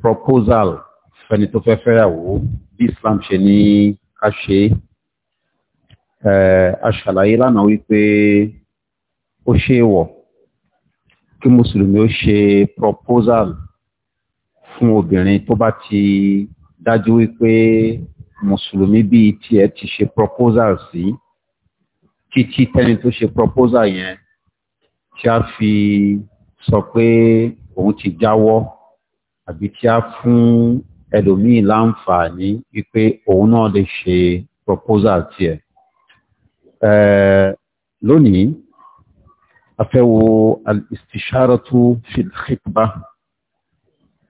proposal fẹni tó fẹ́ fẹ́yàwó bí Islam ṣe ní ká ṣe aṣàlàyé lánàá wípé ó ṣe wọ̀ kí mùsùlùmí ó ṣe proposal fún obìnrin tó bá ti dájú wípé mùsùlùmí bíi tiẹ̀ ti ṣe proposal sí títí tẹ́ni tó ṣe proposal yẹn tí a fi sọ pé òun ti jáwọ́ àbí tí a fún ẹlòmíì láǹfààní wípé òun náà lè ṣe proposal tiẹ̀. lónìí a fẹ́ wo al-istisharatu fil khitbah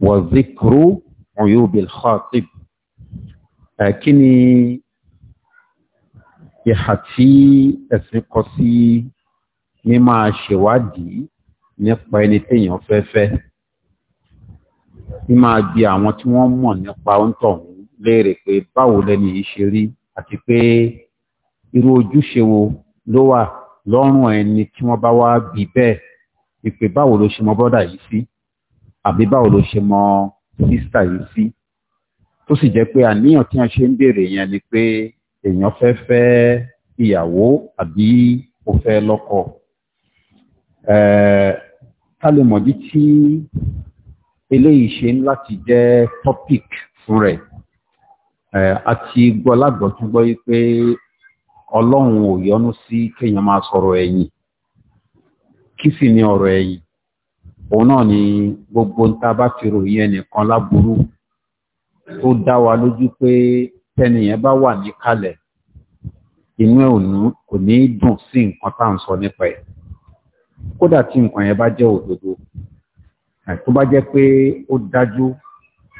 wa dhikru uyubil khatib. kí ni ìhà tí ẹ̀sìn kọ sí ní máa ṣèwádìí nípa ẹni téèyàn fẹ́ fẹ́ ní máa bi àwọn tí wọ́n mọ̀ nípa oúntọ̀ ọ̀hún léèrè pé báwo lẹ́ni yìí ṣe rí àti pé irú ojúṣe wo ló wà lọ́rùn ẹni tí wọ́n bá wá bí bẹ́ẹ̀ ìpè báwo ló ṣe mọ bọ́dà yìí sí àbí báwo ló ṣe mọ sísítà yìí sí tó sì jẹ́ pé àníyàn tí wọ́n ṣe ń béèrè yẹn ni pé èèyàn fẹ́ fẹ́ ìyàwó àbí ó fẹ́ lọ́kọ ká eléyìí ṣe ń láti jẹ́ topic fún rẹ̀ àti gbọ́lágbọ́ tún gbọ́ yí pé ọlọ́run ò yọ́nú sí kéèyàn máa sọ̀rọ̀ ẹ̀yìn kí sì ni ọ̀rọ̀ ẹ̀yìn òun náà ni gbogbo nta bá ti ròyìn ẹnìkan láburú tó dá wa lójú pé tẹnìyàn bá wà níkàlẹ̀ inú ẹ̀ kò ní dùn sí nǹkan tá à ń sọ nípa ẹ̀ kódà tí nǹkan yẹn bá jẹ́ òdodo tó bá jẹ́ pé ó dájú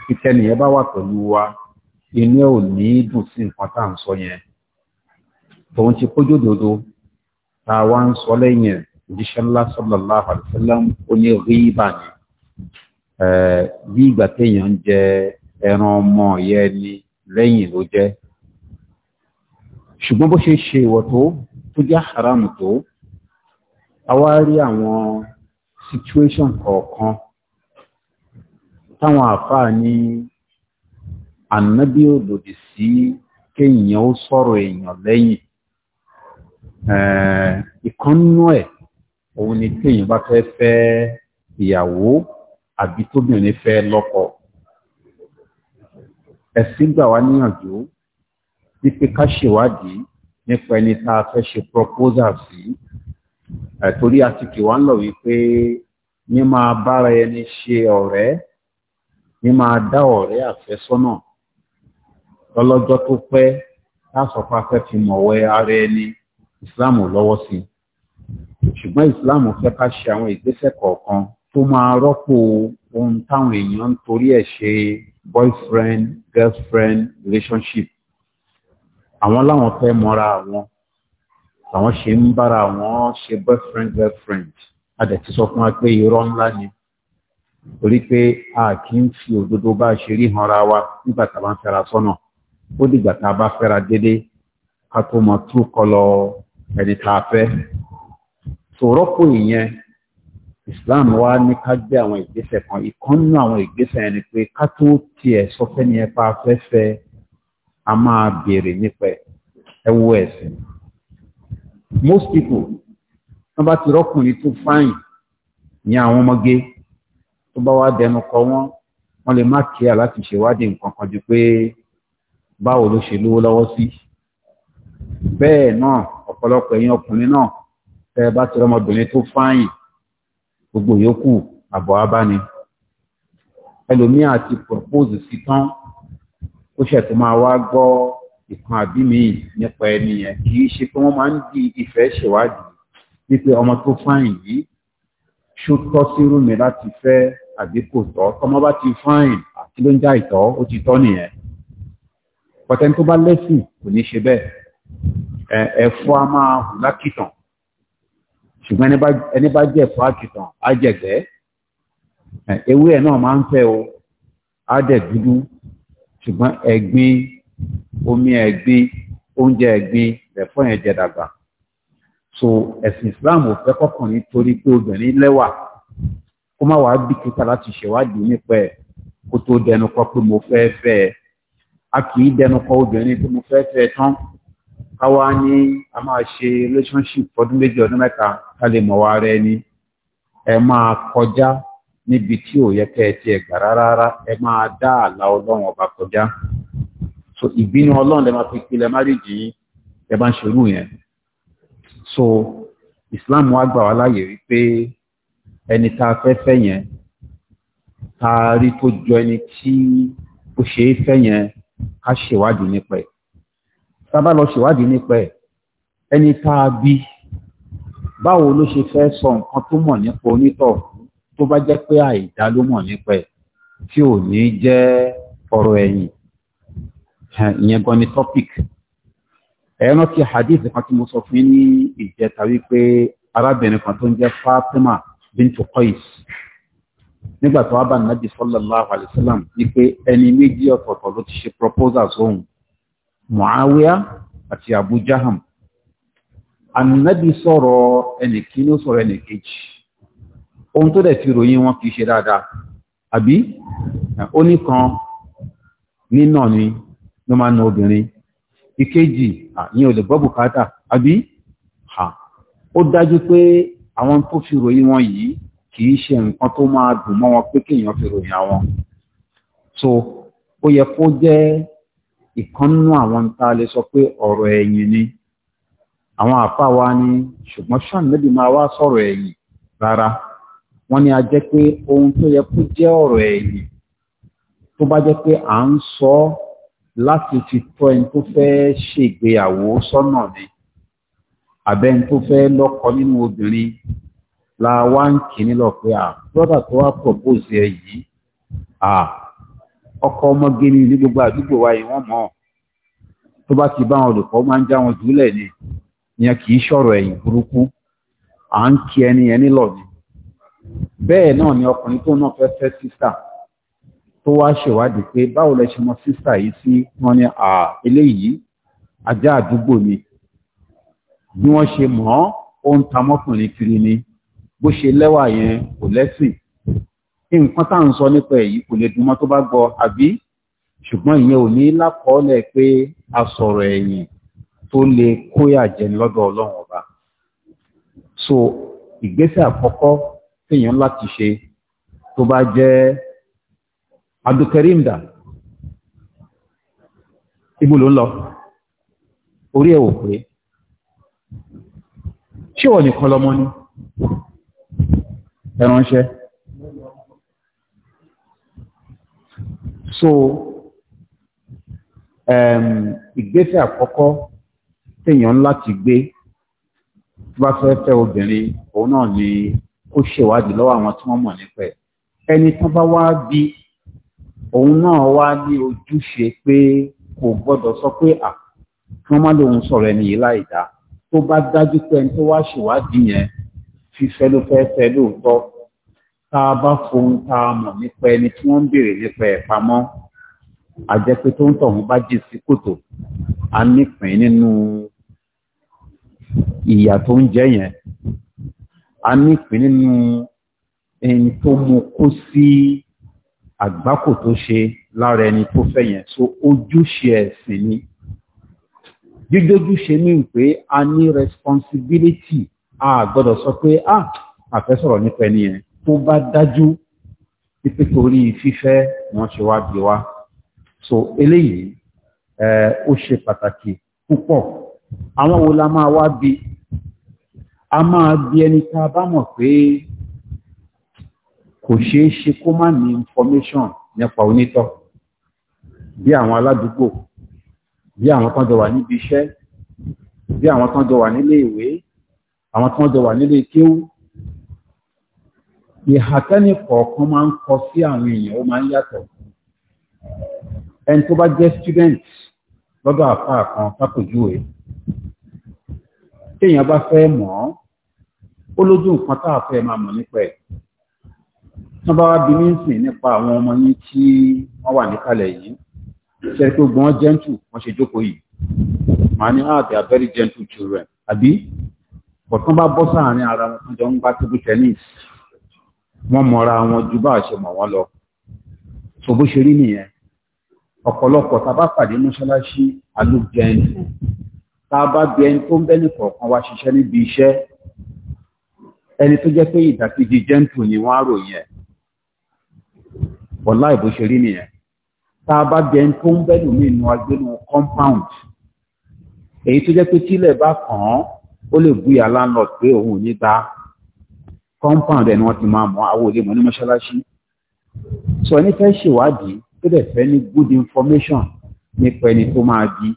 títẹ́nìyẹn bá wà pẹ̀lú wa inú ẹ̀ ò ní dùn sí nǹkan tá à ń sọ yẹn tòun ti kójú òdodo tá a wá ń sọ lẹ́yìn òjíṣẹ́ ńlá sallallahu alaihi ó ní rí ibà ni bí ìgbà téèyàn ń jẹ ẹran ọmọ ìyẹn ni lẹ́yìn ló jẹ́ ṣùgbọ́n bó ṣe ṣe ìwọ̀ tó tó jẹ́ haram tó a wá rí àwọn situation kọ̀ọ̀kan táwọn àfáà ní ànábí ò lòdì sí kéèyàn ó sọ̀rọ̀ èèyàn lẹ́yìn ìkọ́nú ẹ̀ òun ni téèyàn bá fẹ́ fẹ́ ìyàwó àbí tóbìnrin fẹ́ lọ́kọ ẹ̀sìn gbà wá níyànjú wípé ká ṣèwádìí nípa ẹni tá a fẹ́ ṣe proposal sí torí a ti kì wá ń lọ wípé ní máa bára ẹni ṣe ọ̀rẹ́ ní máa dá ọ̀rẹ́ àfẹ́sọ́nà lọ́lọ́jọ́ tó pẹ́ lásọpá fẹ́ fi mọ̀wẹ́ ara ẹni ìsìláàmù lọ́wọ́ sí ṣùgbọ́n ìsìláàmù fẹ́ ká ṣe àwọn ìgbésẹ̀ kọ̀ọ̀kan tó máa rọ́pò ohun táwọn èèyàn ń torí ẹ̀ ṣe boyfriend girlfriend relationship àwọn láwọn fẹ́ mọ́ra wọn àwọn ṣe ń bára wọn ṣe boyfriend girlfriend a dẹ̀ ti sọ fún wa pé irọ́ ńlá ni torí pé a kí í fi òdodo bá ṣe rí hanra wa nígbà bá ń fẹ́ra bá fẹ́ra dédé a tó mọ̀ tú kọlọ ẹni tá fẹ́ sòrọ́pò ìyẹn Islam wa ní ká gbé àwọn ìgbésẹ̀ kan ìkan nínú àwọn ìgbésẹ̀ ẹni pé ká tó sọ afẹ́fẹ́ a máa nípa most people wọ́n bá ti rọ́kùnrin tó tó bá wá dẹnu kọ wọ́n wọ́n lè má kíá láti ṣèwádìí nǹkan kan ju pé báwo ló ṣe lówó lọ́wọ́ sí bẹ́ẹ̀ náà ọ̀pọ̀lọpọ̀ ẹ̀yin ọkùnrin náà tẹ́ ẹ bá ti rọmọbìnrin tó fáyìn gbogbo yòókù àbọ̀ abáni ẹlòmíà ti propose sí tán ó ṣètò máa wá gbọ́ ìkan àbí míì nípa ẹni yẹn kì í ṣe pé wọ́n máa ń di ìfẹ́ ṣèwádìí wípé ọmọ tó fáyìn yìí ṣó tọ́ sírú mi láti fẹ́ àbí kò tọ́ tọmọ bá ti fáìn àti ló ń já ìtọ́ ó ti tọ́ nìyẹn pọ̀tẹ́ni tó bá lẹ́sìn kò ní ṣe bẹ́ẹ̀ ẹ̀fọ́ a máa hù lákìtàn ṣùgbọ́n ẹni bá jẹ́ ẹ̀fọ́ àkìtàn á jẹ̀gbẹ́ ewé ẹ̀ náà máa ń fẹ́ o á dẹ̀ dúdú ṣùgbọ́n ẹ̀gbin omi ẹ̀gbin oúnjẹ ẹ̀gbin ẹ̀fọ́ yẹn jẹ dàgbà so ẹ̀sìn Islam ò fẹ́ kọkùnrin torí pé obìnrin lẹ́wà kó má wàá bìkítà láti ṣèwádìí nípa ẹ̀ kó tó dẹnu kọ pé mo fẹ́ fẹ́ ẹ a kì í dẹnu kọ obìnrin pé mo fẹ́ fẹ́ ẹ tán káwa ní a máa ṣe relationship ọdún méjì ọdún mẹ́ta ká lè mọ̀ wá rẹ ni ẹ máa kọjá níbi tí ò yẹ kẹ́ ẹ tiẹ̀ gbà rárá ẹ máa dá àlà ọlọ́run ọba kọjá so ìbínú ọlọ́run lè máa fi pilẹ̀ márìjì yín ẹ bá ń ṣerú yẹn so Islam wa gbà wá láàyè wípé ẹni tá a fẹ́ fẹ́ yẹn tá tó jọ ẹni tí ó ṣe é fẹ́ yẹn ká ṣèwádìí nípa ẹ̀ tá a bá lọ ṣèwádìí nípa ẹ̀ ló ṣe fẹ́ sọ nǹkan tó mọ̀ nípa onítọ̀ tó bá jẹ́ pé àìdá ló mọ̀ nípa ẹ̀ tí ò ni topic ẹ̀rọ ti hadith kan tí mo sọ fún ní ìjẹta wípé arábìnrin kan bíntu Qais nígbà tó wá bá nàbì sallallahu alaihi wasallam wípé ẹni méjì ọ̀tọ̀ọ̀tọ̀ ló ti ṣe proposal sóhun Muawiya àti Abu Jaham ànàbì sọ̀rọ̀ ẹnì kíní sọ̀rọ̀ ẹnì kejì ohun tó dẹ̀ fi ròyìn wọn kì í ṣe dáadáa àbí ó ní kan nínà ni ló máa na obìnrin ìkejì ní olùgbọ́ bùkátà àbí ó dájú pé àwọn tó fi ròyìn wọn yìí kìí ṣe nǹkan tó máa dùn mọ́ wọn pé kéèyàn fi ròyìn àwọn so ó yẹ kó jẹ́ ìkan nínú àwọn tá a lè sọ pé ọ̀rọ̀ ẹ̀yìn ni àwọn àfa wa ni ṣùgbọ́n ṣáà níbi máa wá sọ̀rọ̀ ẹ̀yìn rárá wọ́n ní a jẹ́ pé ohun tó yẹ kó jẹ́ ọ̀rọ̀ ẹ̀yìn tó bá jẹ́ pé à ń sọ láti fi tọ́ ẹni tó fẹ́ ṣègbéyàwó sọ́nà ni àbẹ́ni tó fẹ́ lọ́kọ nínú obìnrin la wá ń kì nílọ pé à brọ́dà tó wá propose ẹ yìí à ọkọ ọmọge ni ní gbogbo àdúgbò wa yìí wọ́n mọ̀ tó bá ti bá wọn olùkọ́ máa ń já wọn jùlẹ̀ ni ìyẹn kì í sọ̀rọ̀ ẹ̀yìn burúkú à ń kí ẹni yẹn nílọ ni bẹ́ẹ̀ náà ni ọkùnrin tó náà fẹ́ fẹ́ sísà tó wá ṣèwádìí pé báwo lẹ ṣe mọ sísà yìí sí wọn ni à eléyìí ajá àdúgbò ni bí wọ́n ṣe mọ̀ ó ń ta mọ́kùnrin kiri ni bó ṣe lẹ́wà yẹn kò lẹ́sìn nǹkan tá à ń sọ nípa èyí kò lè dùnmọ́ tó bá gbọ́ àbí ṣùgbọ́n ìyẹn ò ní lákọọ́lẹ̀ pé a sọ̀rọ̀ ẹ̀yìn tó lè kóyà jẹ lọ́dọ̀ ọlọ́run ọba so ìgbésẹ̀ àkọ́kọ́ téèyàn láti ṣe tó bá jẹ́ abdulkarimda ibo ló ń lọ orí ẹ̀ wò pé ṣé wọ́n nìkan lọmọ ní ẹ̀ránṣẹ́ so um, ìgbésẹ̀ àkọ́kọ́ téèyàn láti gbé tó bá fẹ́ fẹ́ obìnrin òun náà ni ó ṣèwádìí lọ́wọ́ àwọn tí wọ́n mọ̀ nípa ẹ̀ ẹni tó bá wá bí òun náà wá ní ojúṣe pé kò gbọ́dọ̀ sọ pé à wọ́n má lóun sọ̀rọ̀ ẹni yìí láì dáa tó bá dájú pé ẹni tó wá ṣèwádìí yẹn fífẹ́ ló fẹ́ fẹ́ lóòótọ́ tá a bá fohun tá a mọ̀ nípa ẹni tí wọ́n ń béèrè nípa ẹ̀ pamọ́ àjẹpé tó ń tọ̀hún bá jìn sí kòtò a nípìn nínú ìyà tó ń jẹ yẹn a nípìn nínú ẹni tó mú kó sí àgbákò tó ṣe lára ẹni tó fẹ́ yẹn so ojúṣe ẹ̀sìn ni jíjójúṣe ní pé a ní responsibility a gbọ́dọ̀ sọ pé ah, a àfẹ́sọ̀rọ̀ nípa ẹni yẹn tó bá dájú pípé torí fífẹ́ wọn ṣe wá bí wá so eléyìí ó ṣe pàtàkì púpọ̀ àwọn wo la máa wá bí a máa bí ẹni tá a bá mọ̀ pé kò ṣeé ṣe kó má ní information nípa onítọ̀ bí àwọn aládùúgbò bí àwọn kan jọ wà níbi iṣẹ́ bí àwọn kan jọ wà nílé ìwé àwọn kan jọ wà nílé kéwú ìhà tẹ́nì kọ̀ọ̀kan máa ń kọ sí àwọn èèyàn ó máa ń yàtọ̀ ẹni tó bá jẹ́ student lọ́dọ̀ àfáà kan pápòjúwe téèyàn bá fẹ́ mọ̀ ọ́ ó lójú nǹkan tá a fẹ́ máa mọ̀ nípa ẹ̀ tí wọ́n bá wá bí nípa àwọn ọmọ yín tí wọ́n wà níkàlẹ̀ yìí ṣe pé gbọ́n gentle wọ́n ṣe jókòó yìí màá ní ah they are very gentle children àbí bọ̀tán bá bọ́ sáàárín ara wọn jọ ń gbá table tennis wọ́n mọ̀ra wọn ju bá a ṣe mọ̀ wọ́n lọ so bó ṣe rí nìyẹn ọ̀pọ̀lọpọ̀ tá a bá pàdé mọ́ṣáláṣí alúgbẹ́ntì tá a bá bí ẹni tó ń bẹ́ni kọ̀ọ̀kan wá ṣiṣẹ́ níbi iṣẹ́ ẹni tó jẹ́ pé ìdàkejì gentle ni wọ́n á ròyìn ẹ̀ wọ́n láì bó ṣe rí nìyẹn tá a bá jẹ ń tó ń bẹ́lù mí nu agbénu compound èyí tó jẹ́ pé tílẹ̀ bá kàn án ó lè búyà landlord pé òun ò ní ta compound ẹni wọ́n ti máa mọ̀ àwọn òde mọ̀ ní mọ́ṣáláṣí sọ ẹni fẹ́ ṣèwádìí tó dẹ̀ fẹ́ ní good information nípa ẹni tó máa bí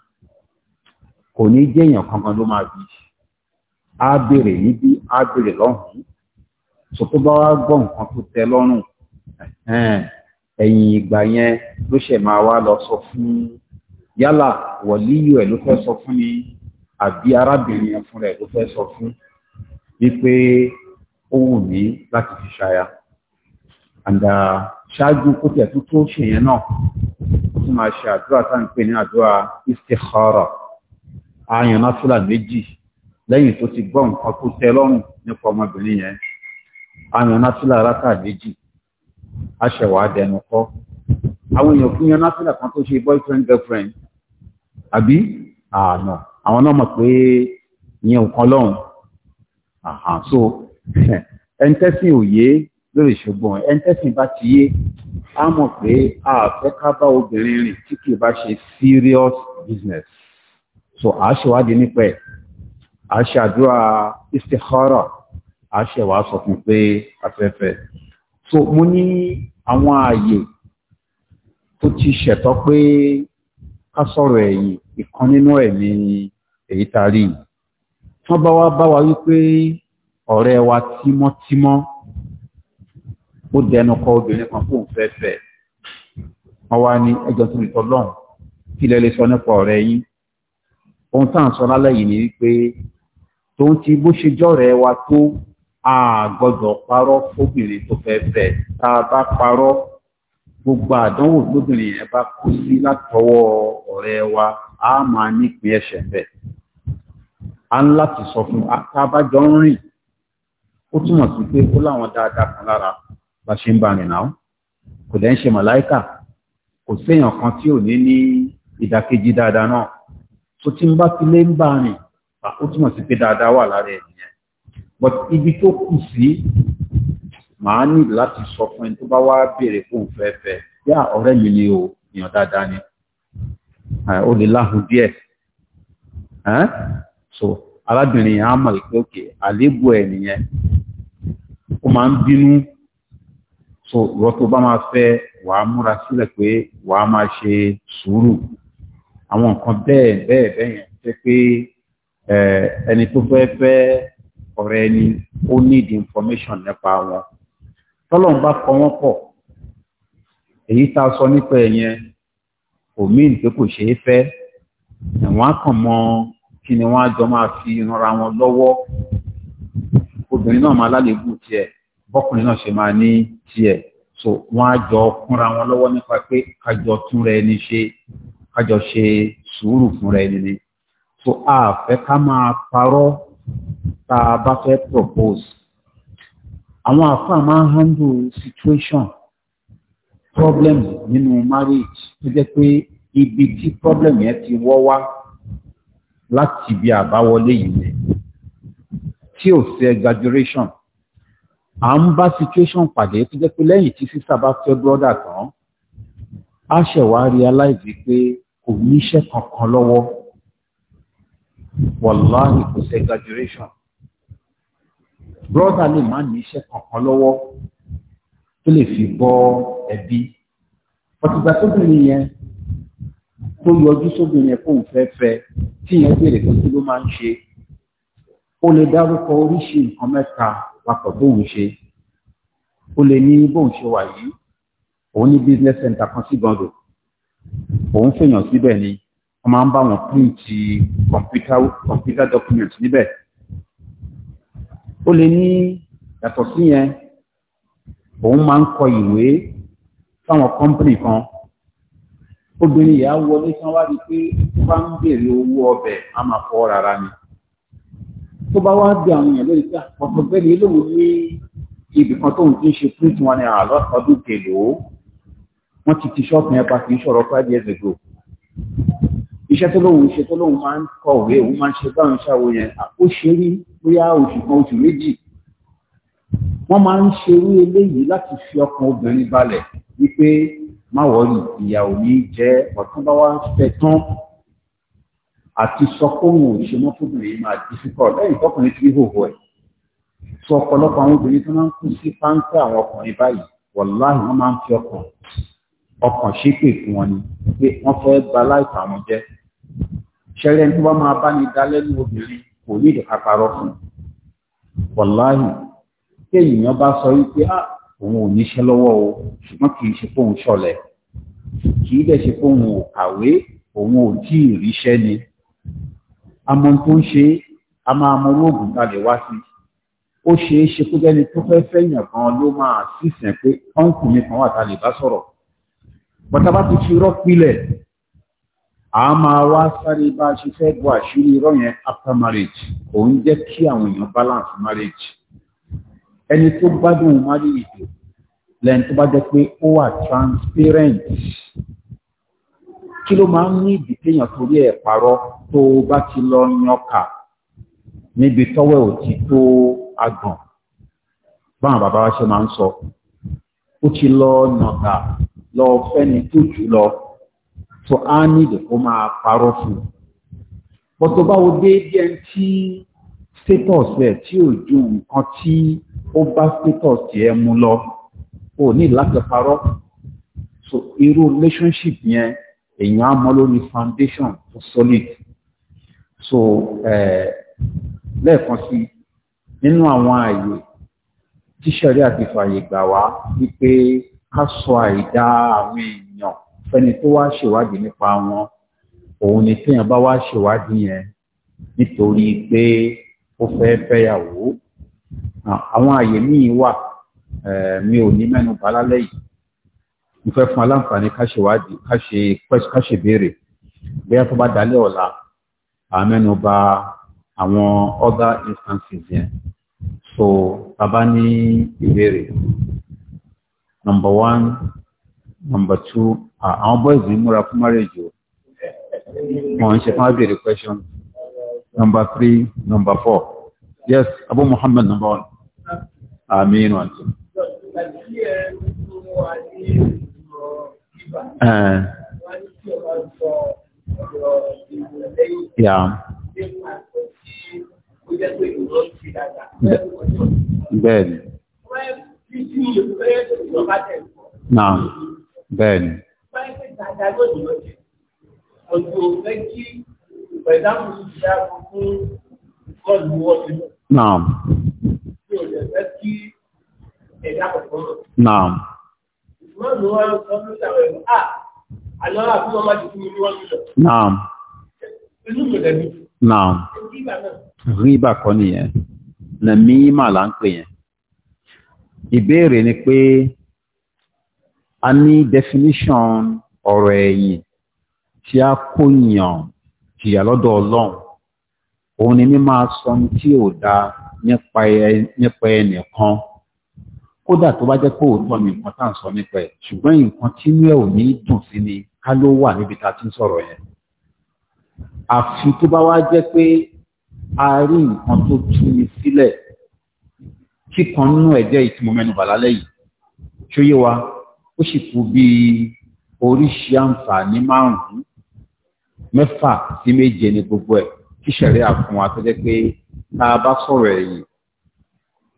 kò ní jẹ́ èèyàn kankan ló máa bí á béèrè níbí á béèrè lọ́hùn-ún sọ tó bá wá gbọ́ nǹkan tó tẹ́ lọ́rùn ẹ̀yìn ìgbà yẹn ló ṣẹ̀ máa wá lọ sọ fún yálà wọ̀líyù ẹ̀ ló fẹ́ sọ fún ni àbí arábìnrin yẹn fúnra ẹ̀ ló fẹ́ sọ fún wípé ó wù mí láti fi ṣaya àǹdà uh, ṣáájú kó tiẹ̀ tó tó ṣe yẹn náà ó sì máa ṣe àdúrà tá pè ní àdúrà istikhara àyàn náfúlà méjì lẹ́yìn tó ti gbọ́ nǹkan tó tẹ́ lọ́rùn nípa ọmọbìnrin yẹn àyàn náfúlà rákà méjì aṣẹ̀wà dẹnu kọ́ àwọn èèyàn fún yan násìlẹ̀ kan tó ṣe boyfriend girlfriend àbí àná àwọn náà mọ̀ pé ìyẹn nǹkan lọ́hùn so ẹntẹ́sìn òye lórí ṣùgbọ́n ẹntẹ́sìn bá ti yé a mọ̀ pé a fẹ́ ká bá obìnrin rìn tí kì bá ṣe serious business so a ṣèwádìí nípa ẹ̀ a ṣàdúrà istikhara a ṣẹ̀wá sọ fún pé afẹ́fẹ́ so mo ní àwọn ààyè tó ti ṣẹ̀tọ́ pé ká sọ̀rọ̀ ẹ̀yìn ìkan nínú ẹ̀ ní èyí tarí wọ́n bá wá bá wa wípé ọ̀rẹ́ wa tímọ́tímọ́ ó dẹnu kọ obìnrin kan fóun fẹ́fẹ́ wọ́n wá ní ẹjọ́ tó lè tọ́lọ́hùn kí lẹ lè sọ nípa ọ̀rẹ́ yín ohun tá à ń sọ lálẹ́ yìí ni wípé tòun ti bó ṣe jọ́rẹ̀ẹ́ wa tó a gbọ́dọ̀ parọ́ fóbìnrin tó fẹ́ fẹ́ tá a bá parọ́ gbogbo àdánwò lóbìnrin yẹn bá kú sí látọwọ́ ọ̀rẹ́ wa a máa nípìn ẹ̀ṣẹ̀ bẹ́ẹ̀ a ń láti sọ fún akábájọ ń rìn ó túmọ̀ sí pé ó láwọn dáadáa kan lára bá ṣe ń bá rìn náà kò dẹ́ ń ṣe màláìkà kò séèyàn kan tí ò ní ní ìdàkejì dáadáa náà tó tí ń bá ti ń bá rìn ó túmọ̀ sí pé dáadáa wà lára ẹ̀ but ibi tó kù sí màá nì láti sọ fún ẹni tó bá wá béèrè fún fẹ́fẹ́ yá ọ̀rẹ́ mi ni o èèyàn dáadáa ni ó lè láhùn díẹ̀ so arábìnrin yẹn á mọ̀ pé òkè àléébù ẹ̀ nìyẹn ó máa ń bínú so ìwọ tó bá máa fẹ́ wàá múra sílẹ̀ pé wàá máa ṣe sùúrù àwọn nǹkan bẹ́ẹ̀ bẹ́ẹ̀ bẹ́ẹ̀ yẹn jẹ́ pé ẹni tó fẹ́ fẹ́ ọ̀rẹ́ ẹni ó need information nípa wọn tọ́lọ́run bá kọ wọ́n pọ̀ èyí tá a sọ nípa ẹ̀yẹn kò míì pé kò ṣeé fẹ́ ẹ̀wọ̀n á kàn mọ kí ni wọ́n á jọ máa fi ranra wọn lọ́wọ́ obìnrin náà máa lálébù tiẹ̀ bọ́kùnrin náà ṣe máa ní tiẹ̀ so wọ́n á jọ kúnra wọn lọ́wọ́ nípa pé kájọ tún rẹ ní ṣe kájọ ṣe sùúrù fún rẹ ní ni so a fẹ́ ká máa parọ́ tá a bá fẹ́ propose àwọn àfáà máa ń handle situation problem nínú marriage tó jẹ́ pé ibi tí problem yẹn ti wọ́ wá láti ibi àbáwọlé yìí tí ò sí exaggeration à ń bá situation pàdé tó jẹ́ pé lẹ́yìn tí sísá bá fẹ́ brother tán a ṣẹ̀wá realize pé kò níṣẹ́ kankan lọ́wọ́ wàláhì kò sí exaggeration brọ́dà lè má ní iṣẹ́ kankan lọ́wọ́ tó lè fi bọ́ ẹbí ọ̀tìgbà tóbìnrin yẹn tó yọjú sóbìnrin yẹn fóun fẹ́fẹ́ tí yẹn béèrè pé kí ló máa ń ṣe ó lè dárúkọ oríṣi nǹkan mẹ́ta papọ̀ bóun ṣe ó lè ní bóun ṣe wà yìí òun ní business center kan sí gbọ́dọ̀ òun fèèyàn síbẹ̀ ni wọ́n máa ń bá wọn píǹtì computer document níbẹ̀ ó lè ní yàtọ̀ sí yẹn òun máa ń kọ ìwé fáwọn company kan obìnrin yà wọlé sán wá rí pé ó bá ń béèrè owó ọbẹ̀ a máa fọ́ rárá ni tó bá wá bí àwọn èèyàn lórí pé ọ̀pọ̀ bẹ́ẹ̀ lóun ní ibì kan tóun ti ń ṣe print wọn ni àlọ́ ọdún kèlò wọ́n ti ti ṣọ́ọ̀pù yẹn pa kì í ṣọ̀rọ̀ five years ago iṣẹ́ tó lóun ṣe tó lóun máa ń kọ òwe òun máa ń ṣe báwọn ṣàwò yẹn ó ṣe rí bóyá oṣù kan oṣù méjì wọ́n máa ń ṣerú eléyìí láti fi ọkàn obìnrin balẹ̀ wípé má wọ̀nyí ìyàwó ní jẹ́ ọ̀tún bá wá fẹ́ tán àti sọkóhùn òṣèmọ́ fóbìnrin máa difficult lẹ́yìn tọkùnrin tí hòhò ẹ̀ sọ ọ̀pọ̀lọpọ̀ àwọn obìnrin tó máa ń kú sí páńpẹ́ àwọn ọkùnrin báyìí wọ̀láhì wọ́n máa ń fi ọkàn ọkàn ṣépè fún wọn ni pé wọ́n fẹ́ bà láìpẹ́ àwọn jẹ́ ṣẹ́rẹ́ tó bá máa bá ní dálẹ́nu obìnrin kò ní ìdíkàparọ́ fún wàláhì tí èèyàn bá sọ wípé à ah, òun ò níṣẹ́ lọ́wọ́ o ṣùgbọ́n kì í ṣe fóun ṣọ̀lẹ kì í dẹ̀ ṣe fóun ò kàwé òun ò tí ì ríṣẹ́ ni amọ tó ń ṣe a máa mọ olóògùn kalẹ̀ wá sí ó ṣeé ṣe kó jẹ́ni tó fẹ́ fẹ́yàn gan ló máa sísìn pé ọ̀nkùnrin kan wà tá a lè bá sọ̀rọ̀ bọ́tá bá ti fi rọ́ a máa wá sáré bá ṣe fẹ́ bọ́ àṣírí irọ́ yẹn after marriage òun jẹ́ kí àwọn èèyàn balance marriage ẹni tó gbádùn marriage lẹ́yìn tó bá jẹ́ pé ó wà transparent kí ló máa ń ní ìdíkéyàn torí ẹ̀ parọ́ tó bá ti lọ yanka níbi tọ́wẹ́ ò ti tó agbọ̀n báwọn bàbá wa ṣe máa ń sọ ó ti lọ nàgà lọ fẹ́ni tó jù lọ so á ní ìdíkó máa parọ́ fún un bọ́ tó bá wo déédéé ẹni tí status rẹ̀ tí ò ju nǹkan tí ó bá status tiẹ̀ mu lọ ò ní láti parọ́ so irú relationship yẹn èèyàn á mọ lórí foundation tó solid so eh, lẹ́ẹ̀kan sí nínú àwọn ààyè tíṣẹ̀rí àti fààyè gbà wá wípé ká sọ àìdá àwọn èèyàn fẹ́ni tó wá ṣèwádìí nípa wọn òun ni téèyàn bá wá ṣèwádìí yẹn nítorí pé ó fẹ́ fẹ́yàwó àwọn àyè míì wà eh, mi ò ní mẹ́nu bà lálẹ́ yìí mo fẹ́ fún aláǹfààní ká ṣèwádìí ká ṣe ká ṣèbéèrè bóyá tó bá dalẹ́ ọ̀la à mẹ́nu àwọn other instances yẹn so bàbá ní ìbéèrè number one number two. àwọn boys múra fún marriage o ń ṣe fún abèrè question number three number four yes abu muhammad number one amin wa ti. Yeah. Bẹ́ẹ̀ni. adájọ́ ìlú jẹ ọjọ́ fẹ́ kí pẹ̀láwù ṣe àkókún gọ́ọ̀lù wọ́ọ̀lù náà tí ó lè fẹ́ kí ríbà ah, kọ́ nìyẹn na mímà là ń pè yẹn ìbéèrè ni pé a ní definition ọ̀rọ̀ ẹ̀yìn tí a kó yàn jìyà lọ́dọ̀ ọlọ́run òun ni mí máa sọ tí ò dáa nípa ẹnìkan kódà tó bá jẹ́ pé òótọ́ ni nǹkan tá à ń sọ nípa ẹ̀ ṣùgbọ́n nǹkan tí ní ẹ̀ ò ní dùn sí ni ká ló wà níbi tá a ti ń sọ̀rọ̀ yẹn àfi tó bá wá jẹ́ pé a rí nǹkan tó tú ni sílẹ̀ kíkan nínú ẹ̀ ìtumọ̀ mẹ́nubà lálẹ́ yìí ṣó wa ó sì kú bíi oríṣi àǹfààní márùn-ún mẹ́fà sí méje ni gbogbo ẹ̀ kí ṣẹ̀rí àfún wa tó jẹ́ pé tá a bá sọ̀rọ̀ ẹ̀yìn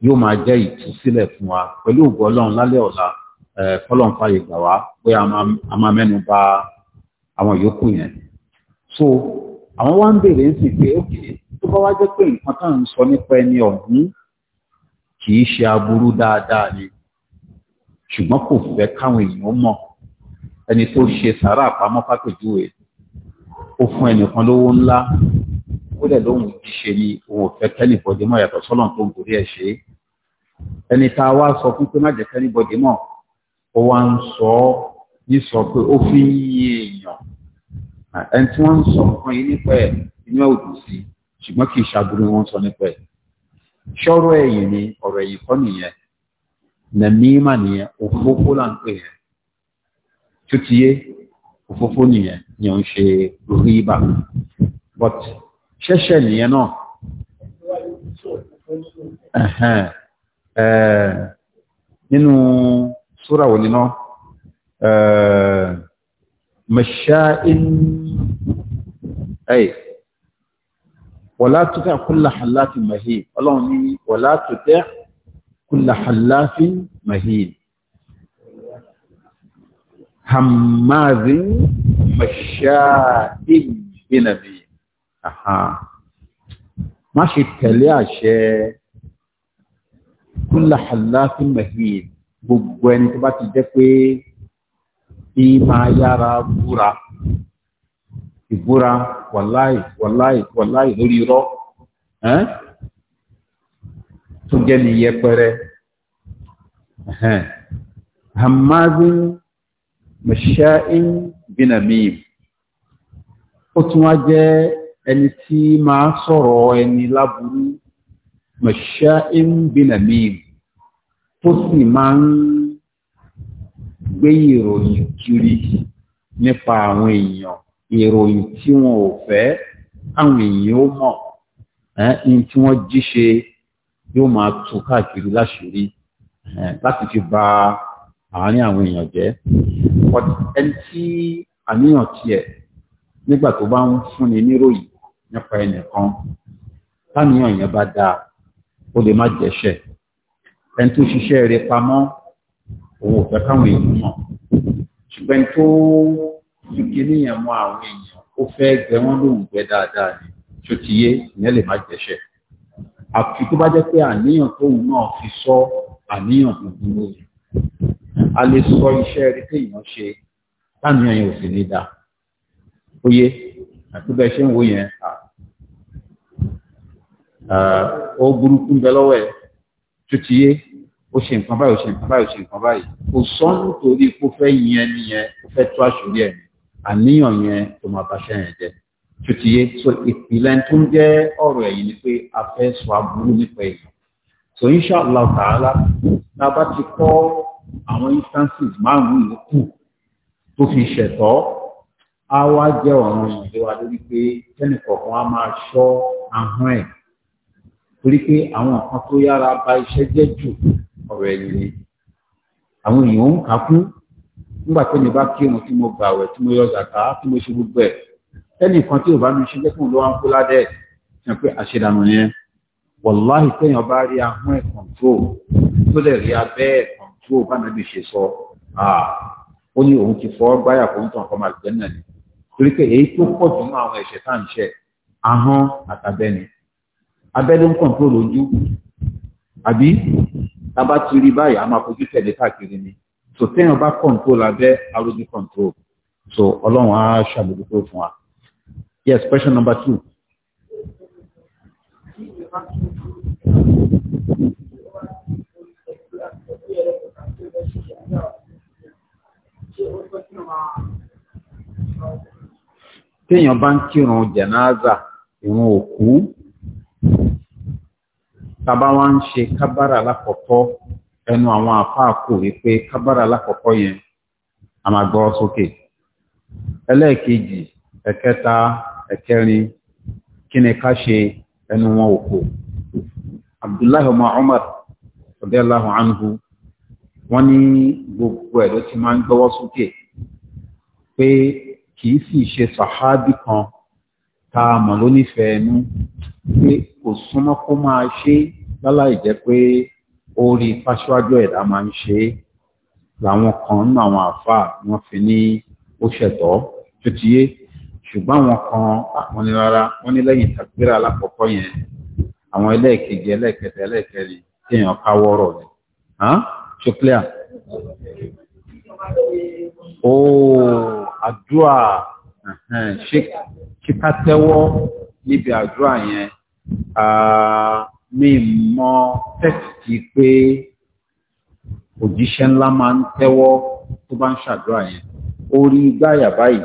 yóò máa jẹ́ ìtúsílẹ̀ fún wa pẹ̀lú ògbọ́ ọlọ́run lálẹ́ ọ̀la kọ́lọ́n fàyè gbà wá pé a máa mẹ́nu bà àwọn yòókù yẹn. so àwọn wá ń bèèrè ń sìn pé òkè tó bá wá jẹ́ pé nǹkan tá à ń sọ nípa ẹni ọ̀hún kì í ṣe aburú dáadáa ni ṣùgbọ́n kò fẹ́ káwọn èèyàn mọ̀ ẹni tó ṣe sàárà àpamọ́ fàpèjúwe ó fún ẹnìkan lówó ńlá ó dẹ̀ lóhùn ṣe ni òun ò fẹ́ kẹ́nìbọ̀dé mọ́ yàtọ̀ sọ́nà tó ń gorí ẹ̀ ṣe ẹni tá a wá sọ fún pé má jẹ́ kẹ́nìbọ̀dé mọ́ ó wá ń sọ ọ́ nísọ pé ó fi ń yí èèyàn ẹni tí wọ́n ń sọ nǹkan yìí nípa ẹ̀ inú ẹ̀ ò dùn sí ṣùgbọ́n kì í ṣàbùrú wọn sọ nípa ẹ̀ ṣọ́rọ̀ ẹ̀yìn ni ọ̀rọ̀ ẹ̀yìn kọ́ nìyẹn nàmímà nìyẹn òfófó là ń pè yẹn tó ti yé òfófó nìyẹn ni ó ń ṣe orí ibà but ṣẹ́ṣẹ́ nìyẹn náà ẹ̀hẹ́n ẹ̀ẹ́ nínú súra wò níná ẹ̀ẹ́ mẹ́ṣáín ẹ̀ẹ́ wọ̀lá tó mahim ọlọ́run ní wọ̀lá tó mahim hamazi mashaa'in binabi má ṣe tẹ̀lé àṣẹ kúlà halafin mahin gbogbo ẹni tó bá ti jẹ́ pé kí máa yára búra ìbúra wàláì wàláì wàláì lórí irọ́ tó jẹ́ ni yẹpẹrẹ hamazin mẹ́ṣáín bínamim ó tún wá jẹ́ ẹni tí máa sọ̀rọ̀ ẹni láburú mẹ́ṣáín bínamim tó sì máa ń gbé ìròyìn kiri nípa àwọn èèyàn ìròyìn tí wọn ò fẹ́ àwọn èèyàn ó mọ̀ ní tí wọ́n jíṣe yóò máa tú káàkiri láṣìírí láti fi ba àárín àwọn èèyàn jẹ́ ẹni tí àníyàn tiẹ̀ nígbà tó bá ń fúnni níròyìn nípa ẹnìkan táníyàn yẹn bá dáa ó lè má jẹ́ṣẹ̀ ẹni tó ṣiṣẹ́ rẹ̀ pamọ́ òun ò fẹ́ káwọn èèyàn mọ̀ ṣùgbọ́n ẹni tó fi kíní yẹn mọ àwọn èèyàn ó fẹ́ gbẹ wọ́n lóhùn gbẹ dáadáa ni tó ti yé ìyẹn lè má jẹ́ṣẹ̀ àfi tó bá jẹ́ pé àníyàn tóun náà fi sọ àníyàn búburú a lè sọ iṣẹ́ rí téèyàn ṣe láàrin ẹ̀yìn òsì ní dáa oyé àti bẹ́ẹ̀ ṣe ń wo yẹn ó burúkú ń bẹ lọ́wọ́ ẹ̀ tó ti yé ó ṣe nǹkan báyìí ó ṣe nǹkan báyìí ó ṣe nǹkan báyìí kò sọ nítorí kó fẹ́ yẹn nìyẹn kó fẹ́ tó àṣírí ẹ̀ àníyàn yẹn tó máa bá ṣẹ́ yẹn jẹ tó ti yé so ìpìlẹ̀ tó ń jẹ́ ọ̀rọ̀ ẹ̀yìn ni pé a fẹ́ sọ aburú nípa èèyàn so inṣàlá tààlà tá a bá ti kọ́ àwọn instances márùn-ún yòókù tó fi ṣẹ̀tọ́ á wá jẹ́ ọ̀ràn ìjọba lórí pé tẹ́nìkọ̀ọ̀kan á máa ṣọ́ ahọ́n ẹ̀ torí pé àwọn nǹkan tó yára ba iṣẹ́ jẹ́ jù ọ̀rọ̀ ẹ̀yìn ni àwọn èèyàn ń kà fún nígbà tí mi bá kí wọn tí mo gbà wẹ̀ tí mo yọ zàkà tí mo ṣe gbogbo ẹ̀ tẹ́nìkan tí ò bá mi ṣe jẹ́ fún ló wá ń kó ládẹ́ ẹ̀ pé àṣedànù yẹn wọ̀láhì téèyàn bá rí ahọ́n ẹ̀ kọ̀ǹtró tó lè rí abẹ́ ẹ̀ tí ó bá nàbì ṣe sọ ó ní òun ti fọ́ gbáyà kó ń tàn kọ́ máa jẹ́ náà ni torí pé èyí tó pọ̀ jù nínú àwọn ẹ̀ṣẹ̀ tá à ń ṣe ahọ́n àtàbẹ́ni abẹ́lé ń kọ̀ǹtróòlù ojú àbí tá a bá ti rí báyìí a máa fojú tẹ̀lé káàkiri ni so téèyàn bá kọ̀ǹtróòlù abẹ́ arójú kọ̀ǹtróòlù so ọlọ́run á ṣàbójútó fún wa yes question number two. téèyàn bá ń kírun jẹ̀náàzà ìrun òkú tàbá wá ń ṣe kábàrà lákọ̀ọ́kọ́ ẹnu àwọn àfáà wípé kábàrà lákọ̀ọ́kọ́ yẹn a máa gbọ́ sókè ẹlẹ́ẹ̀kejì ẹ̀kẹta ẹ̀kẹrin kí ká ṣe ẹnu wọn òkú Abdullahi ọmọ wọ́n ní gbogbo ẹ̀ ló ti máa ń gbọ́wọ́ sókè pé kìí sì ṣe sàhábì kan tá a mọ̀ lónífẹ̀ẹ́ ẹnu pé kò súnmọ́ kó máa ṣe láláì jẹ́ pé orí fáṣíwájú ẹ̀dá máa ń ṣe làwọn kan nínú àwọn àáfàá wọ́n fi ní ó ṣẹ̀tọ́ tó ti yé ṣùgbọ́n àwọn kan àwọn ní rárá wọ́n ní lẹ́yìn tàbíra alákọ̀ọ́kọ́ yẹn àwọn ẹlẹ́ẹ̀kejì ẹlẹ́ẹ̀kẹta ẹlẹ́ẹ̀kẹrin téèyàn káwọ́rọ̀ ni ṣe clear ooo àdúrà ṣíká tẹ́wọ́ níbi àdúrà yẹn mi mọ tẹ́kìtì pé òjíṣẹ́ ńlá máa ń tẹ́wọ́ tó bá ń ṣàdúrà yẹn orí gbáyà báyìí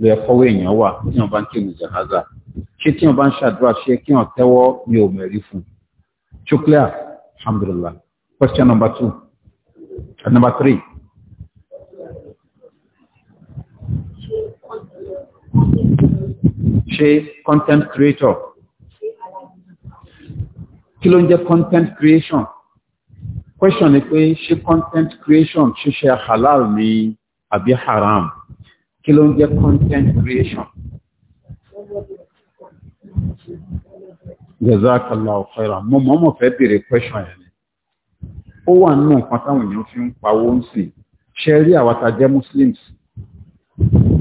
ló yẹ kọ́wé èèyàn wà tí wọ́n bá ń kéwì jàǹdà ṣé tí wọ́n bá ń ṣàdúrà ṣe kí wọ́n tẹ́wọ́ mi ò fún un alhamdulillah Question number two. Uh, number three. Ṣé content creator? Kí ló ń jẹ́ content creation? Question ni pé ṣé content creation ṣíṣe halal ni àbí haram? Kí ló ń jẹ́ content creation? Jazakallahu khairan. Mo mọ̀ mọ̀ fẹ́ bèèrè question yẹn ni ó wà nínú nǹkan táwọn èèyàn fi ń pawó ń sìn ṣe rí àwa jẹ́ muslims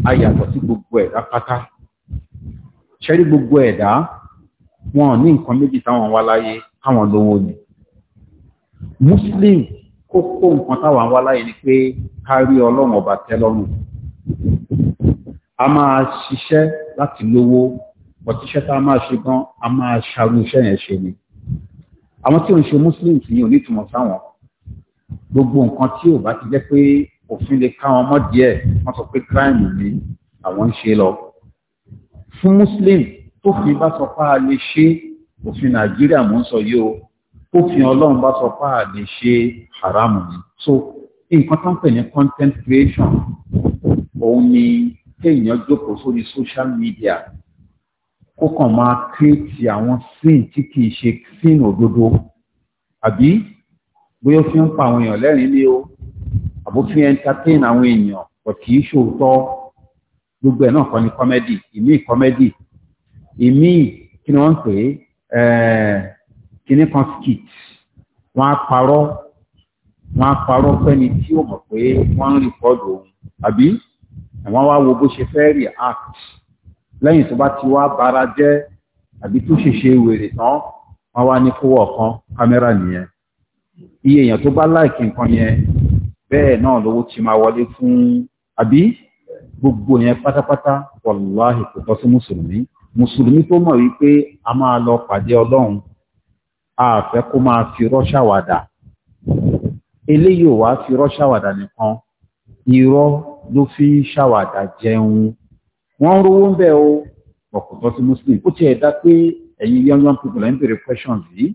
a yàtọ̀ sí gbogbo ẹ̀dá pátá ṣe rí gbogbo ẹ̀dá wọn ní nǹkan méjì táwọn wá láyé káwọn lówó ni muslim kókó nǹkan táwọn wá láyé ni pé ká rí ọlọ́run ọba tẹ́lọ́rùn a máa ṣiṣẹ́ láti lówó ọtíṣẹ́ tá a máa ṣe gan a máa ṣàrú iṣẹ́ yẹn ṣe ni àwọn tí ò ń ṣe muslims ní onítùmọ̀ sáwọn gbogbo nǹkan tí ò bá ti jẹ́ pé òfin lè ká wọn mọ́ díẹ̀ wọ́n sọ pé crime ni àwọn ń ṣe lọ fún muslim tó fi bá sọ pé a lè ṣe òfin nàìjíríà mò ń sọ yìí o tó fi ọlọ́run bá sọ pé a lè ṣe haramu ni so nǹkan tó ń pè ní content creation òun ni kéèyàn jókòó sórí social media kó kàn máa kírètì àwọn sin tí kì í ṣe sin òdodo àbí bóyá fi ń pa àwọn èèyàn lẹ́rìn lé o àbó fi entertain àwọn èèyàn kò kì í ṣòótọ́ gbogbo ẹ̀ náà kọ́ ni kọ́mẹ́dì ìmí kọ́mẹ́dì ìmí kí ni wọ́n ń pè é eh, kíní kan skit wọ́n á parọ́ wọ́n á parọ́ fẹ́ni tí ó mọ̀ pé wọ́n ń rìkọ́dù òun àbí àwọn wá wo bó ṣe fẹ́ react lẹ́yìn tó bá ti wá bara jẹ́ àbí tó ṣèṣe wèrè tán wọ́n wá ní kówó ọ̀kan kámẹ́rà nìyẹn iye èèyàn tó bá láìkì nǹkan yẹn bẹ́ẹ̀ náà lówó ti máa wọlé fún àbí gbogbo yẹn pátápátá wàláhì kò tọ́ sí mùsùlùmí mùsùlùmí tó mọ̀ wípé a máa lọ pàdé ọlọ́run a fẹ́ kó máa fi rọ́ṣàwàdà eléyìí ò wá fi rọ́ṣàwàdà nìkan irọ́ ló fi ń ṣàwàdà jẹun wọ́n ń rówó ń bẹ́ẹ̀ o ọ̀kùtọ́ sí mùsùlùmí ó tiẹ̀ dá pé ẹ̀yin young young people ẹ̀ bèrè questions yìí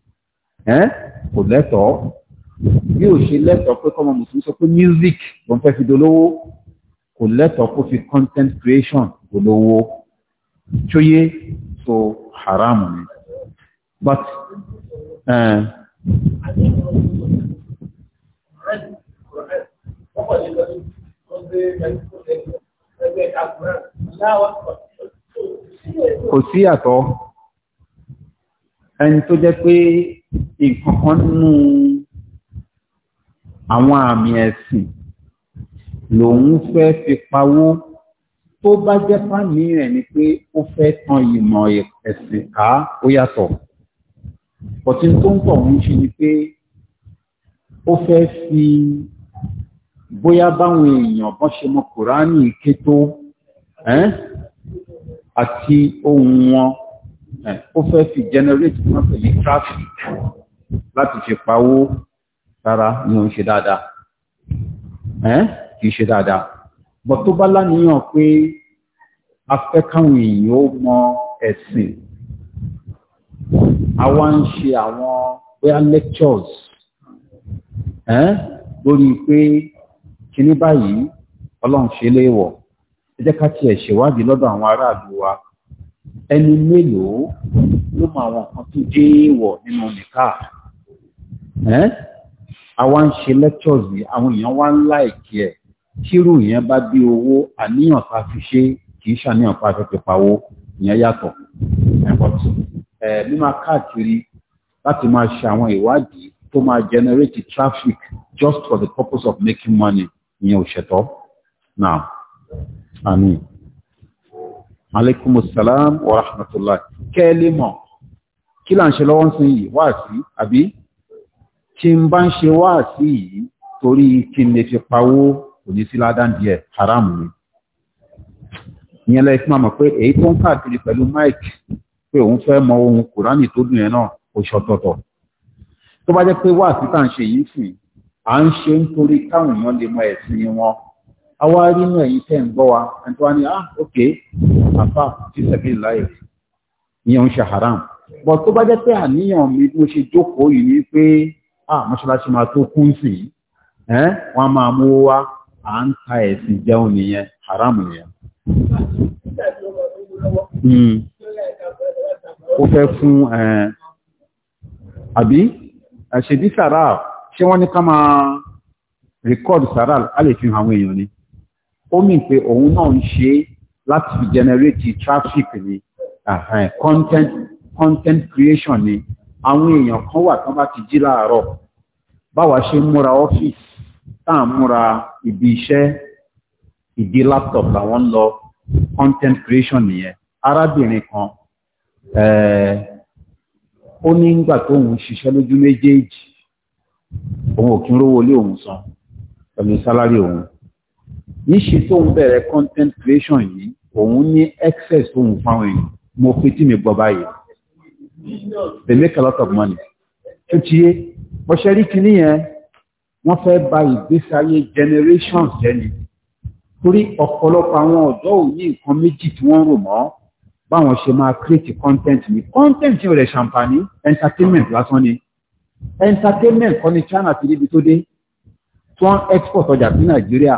ẹ́n kò lẹ́tọ̀ọ́ bí ò ṣe lẹ́tọ̀ọ́ pé kọ́mọ mùsùlùmí sọ pé music ló ń fẹ́ fi dolówó kò lẹ́tọ̀ọ́ kó fi content creation dolówó ṣóyé so haram ni but uh, kò sí àtọ́ ẹni tó jẹ́ pé ìkọ̀kan nínú àwọn àmì ẹ̀sìn lòun fẹ́ fi pawó tó bá jẹ́ fáàmì rẹ̀ ni pé ó fẹ́ tan ìmọ̀ ẹ̀sìn ká ó yàtọ̀ ọ̀tí tó ń pọ̀ ń ṣe ni pé ó fẹ́ fi bóyá báwọn èèyàn bọ́n ṣe mọ kùránì ké tó àti ohun wọn Eh, ó fẹ́ fi generate wọ́n pè traffic láti fi pawó rárá ni ó ń ṣe dáadáa eh, kìí ṣe dáadáa bọ̀ tó bá láníyàn pé a èèyàn ó mọ ẹ̀sìn a wá ń ṣe àwọn bóyá lectures eh, lórí pé kíní báyìí ọlọ́run ṣe léèwọ̀ ẹ jẹ́ ká tiẹ̀ ṣèwádìí lọ́dọ̀ àwọn aráàlú wa ẹni mélòó ló mọ àwọn kan tó dé wọ nínú nìka ẹ́ àwa ń ṣe lectures yìí àwọn èèyàn wá ń láìkí ẹ. tírù yẹn bá bí owó àníyàn fi ṣe kì í ṣàníyàn pa fẹ́ pawó ìyẹn káàkiri láti máa ṣe àwọn ìwádìí tó máa generate traffic just for the purpose of making money ìyẹn ò alaikum salam wa rahmatullahi kẹ́ẹ̀lé mọ̀ kí là ń ṣe lọ́wọ́ sí yìí wá sí àbí kí n bá ń ṣe wá sí yìí torí kí n lè fi pawó kò ní sí ládá díẹ̀ haram ni ìyẹn lẹ́yìn tí máa mọ̀ pé èyí tó ń káàkiri pẹ̀lú mike pé òun fẹ́ mọ ohun kùránì tó dùn yẹn náà kò ṣọ̀tọ̀tọ̀ àwa rí inú ẹ̀yìn tẹ́ ń gbọ́ wa ah ok àfà tí sẹ́bí ìyẹn ń ṣe haram bọ̀ tó bá jẹ́ pé àníyàn mi mo ṣe jókòó yìí ni pé ah mọ́ṣáláṣí máa tó kún sí i ẹ́ wọ́n máa mú à ń ta ẹ̀sìn jẹun nìyẹn haram nìyẹn. Hmm. ó fẹ́ fún àbí àṣèdí sàrà ṣé wọ́n ní ká máa rìkọ́ọ̀dù sàrà á lè fi hàn àwọn èèyàn ni. ó mì pé òun náà ń ṣe láti fi generate traffic ni content content creation ni àwọn èèyàn kan wà tán bá ti jí láàárọ̀ báwa ṣe múra ọ́fíìsì táà múra ibi iṣẹ́ ìdí laptop làwọn ń lọ content creation nìyẹn arábìnrin kan eh, ó ní ìgbà tó ń ṣiṣẹ́ lójú méjèèjì òun ò kí ń rówó ilé òun san pẹ̀lú sálárì òun níṣe tó ń bẹ̀rẹ̀ content creation yìí òun ní excess tó ń fáwọn èèyàn mo fi tí mi gbọ́ báyìí they make a lot of money tó ti yé bọ́ṣẹ́ rí kinní yẹn wọ́n fẹ́ bà ìgbésí ayé generations jẹ́ ni torí ọ̀pọ̀lọpọ̀ àwọn ọ̀dọ́ ò ní nǹkan méjì tí wọ́n rò mọ́ báwọn ṣe máa create content ni content yóò rẹ̀ ṣàǹfààní entertainment lásán ni entertainment kọ́ ni China ti débi tó dé tí wọ́n export ọjà sí Nàìjíríà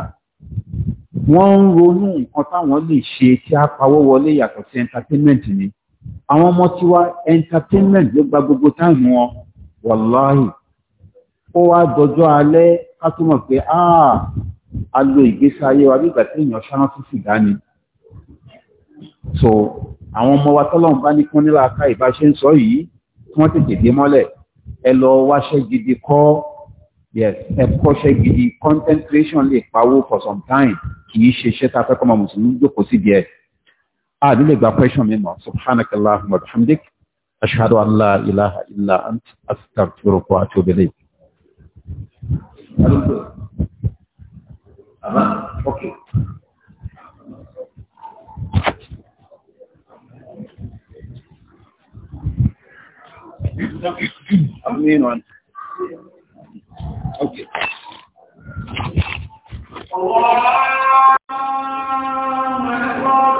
wọ́n ń ronú nǹkan táwọn lè ṣe tí a pawọ́ wọlé yàtọ̀ sí entertainment ni àwọn ọmọ tí wá entertainment ló gba gbogbo táìmù wọn wàláhì ó wá dọjọ́ alẹ́ ká tó mọ̀ pé ah, a lo ìgbésí ayé wa bí ìgbà tí èèyàn ṣáná sí sìgá ni so àwọn ọmọ wa tọ́lọ́run bá ní kún nílà ká ìbáṣe ń sọ yìí tí wọ́n tètè dé mọ́lẹ̀ ẹ lọ wáṣẹ́ gidi kọ́ yes ẹ̀kọ́ṣẹ́ gidi content creation lè pawó for some time kì í ṣe ṣẹ́ta fẹ́ kọ́mọ mùsùlùmí jókòó sí díẹ̀ a nílé gba question mi mọ̀ subhanakallahumma wa bihamdik ashhadu an la ilaha illa ant astaghfiruka wa atubu ilayk Okay. Amin. Okay.